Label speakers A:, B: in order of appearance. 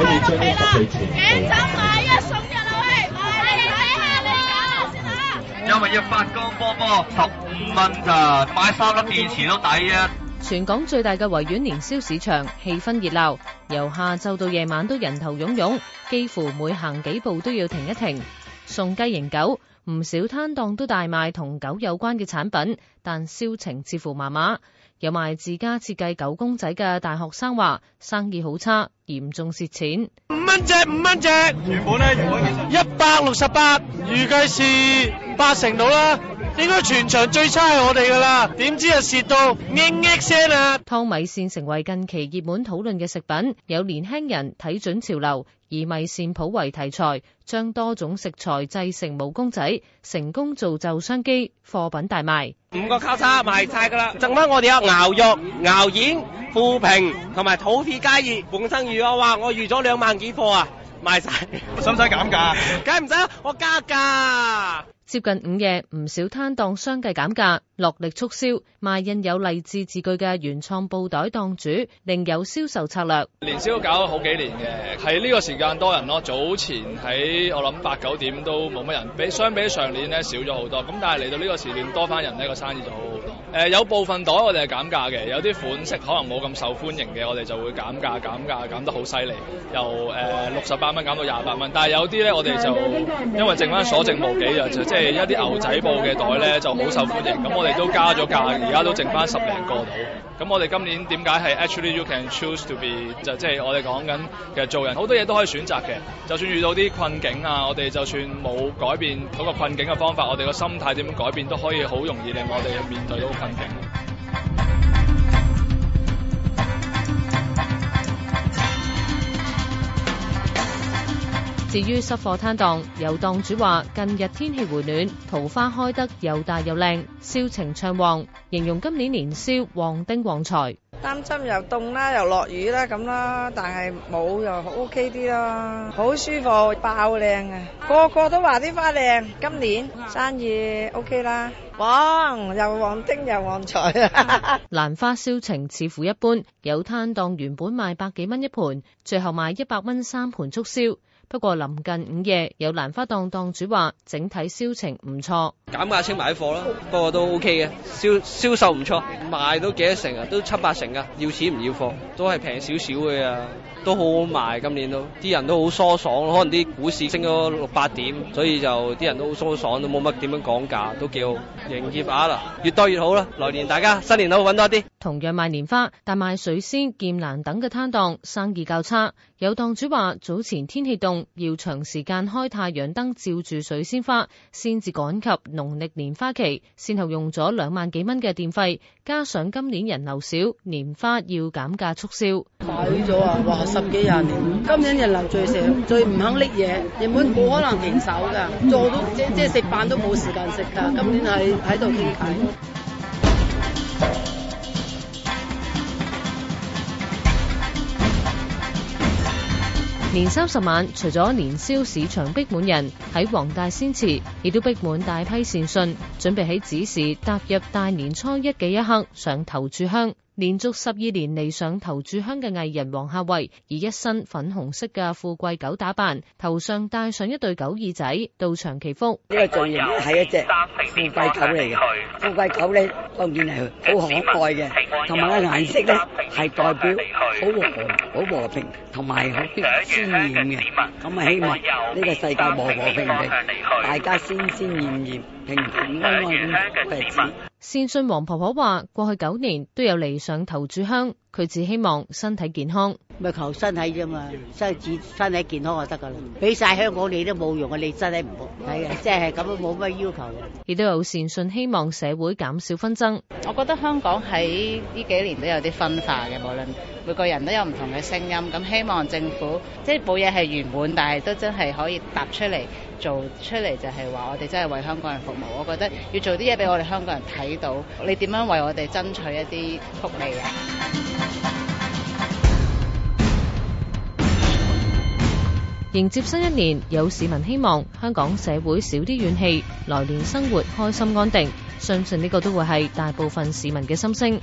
A: 我哋將呢十幾錢部手機買一送一啊喂，嚟睇下你揀咗先吓。因為要發光波波，十五蚊咋，買三粒電池都抵啊！全港最大嘅維園年宵市場，氣氛熱鬧，由下晝到夜晚都人頭湧湧，幾乎每行幾步都要停一停，送雞迎狗。唔少攤檔都大賣同狗有關嘅產品，但銷情似乎麻麻。有賣自家設計狗公仔嘅大學生話，生意好差，嚴重蝕錢。五蚊隻，五蚊隻，原本呢，原本一百六十八，預計是八成到啦。應該全場最差係我哋㗎啦，點知啊蝕到 ing ing 聲啊！湯米線成為近期熱門討論嘅食品，有年輕人睇準潮流，以米線鋪為題材，將多種食材製成毛公仔，成功造就商機，貨品大賣。五個扣叉賣晒㗎啦，剩翻我哋有牛肉、牛丸、腐皮同埋土皮加熱，本身預我話我預咗兩萬幾貨啊！賣晒，使唔使減價？梗係唔使啦，我加價。接近午夜，唔少攤檔相繼減價，落力促銷。賣印有勵志字句嘅原創布袋檔主另有銷售策略。年宵搞好幾年嘅，喺呢個時間多人咯。早前喺我諗八九點都冇乜人，比相比上年咧少咗好多。咁但係嚟到呢個時段多翻人，呢個生意就好好多。誒、呃、有部分袋我哋係減價嘅，有啲款式可能冇咁受歡迎嘅，我哋就會減價、減價、減得好犀利，由誒六十八蚊減到廿八蚊。但係有啲咧，我哋就因為剩翻所剩無幾啊，就即係一啲牛仔布嘅袋咧就好受歡迎。咁我哋都加咗價，而家都剩翻十零個到。咁我哋今年點解係 actually you can choose to be 就即係我哋講緊其實做人好多嘢都可以選擇嘅，就算遇到啲困境啊，我哋就算冇改變嗰個困境嘅方法，我哋個心態點樣改變都可以好容易令我哋面對到。至於濕貨攤檔，有檔主話：近日天氣回暖，桃花開得又大又靚，銷情暢旺，形容今年年宵旺丁旺財。擔心又凍啦，又落雨啦咁啦，但係冇又 OK 啲咯，好舒服，爆靚啊！個個都話啲花靚，今年生意 OK 啦，哇又旺丁又旺財啊！ 蘭花銷情似乎一般，有攤檔原本賣百幾蚊一盆，最後賣一百蚊三盆促銷。不過臨近午夜，有蘭花檔檔主話整體銷情唔錯，減價清埋啲貨咯，不過都 OK 嘅，銷銷售唔錯，賣都幾多成啊，都七八成啊。要錢唔要貨，都係平少少嘅啊，都好好賣，今年都啲人都好疏爽，可能啲股市升咗六八點，所以就啲人都好疏爽，都冇乜點樣講價，都叫營業額啦，越多越好啦，來年大家新年好，搵多啲。同樣賣年花，但賣水仙、劍蘭等嘅攤檔生意較差。有檔主話：早前天氣凍，要長時間開太陽燈照住水仙花，先至趕及農曆年花期，先後用咗兩萬幾蚊嘅電費，加上今年人流少，年花要減價促銷。買咗啊！哇，十幾廿年，今年人流最少，最唔肯拎嘢，根本冇可能停手噶，做到即即係食飯都冇時間食噶，今年係喺度傾偈。年三十晚，除咗年宵市場逼滿人，喺黃大仙祠亦都逼滿大批善信，準備喺子時踏入大年初一嘅一刻上頭柱香。連續十二年嚟，上頭柱香嘅藝人黃夏蕙，以一身粉紅色嘅富貴狗打扮，頭上戴上一對狗耳仔，到場祈福。呢個造型係一隻富貴狗嚟嘅。富貴狗咧，當然係好可愛嘅，同埋個顏色咧係代表好和好和平和，同埋好鮮艷嘅，咁啊希望呢個世界和和平平，大家鮮鮮艷艷，平平，平安平安嘅日子。善信王婆婆話：過去九年都有嚟上頭柱香，佢只希望身體健康。咪求身體啫嘛，身自身體健康就得噶啦。俾晒香港你都冇用啊，你身體唔好，係啊，即係咁樣冇乜要求。亦都有善信希望社會減少紛爭。我覺得香港喺呢幾年都有啲分化嘅，無論每個人都有唔同嘅聲音。咁希望政府即係冇嘢係圓滿，但係都真係可以踏出嚟做出嚟，就係話我哋真係為香港人服務。我覺得要做啲嘢俾我哋香港人睇到，你點樣為我哋爭取一啲福利啊？迎接新一年，有市民希望香港社會少啲怨氣，來年生活開心安定。相信呢個都會係大部分市民嘅心聲。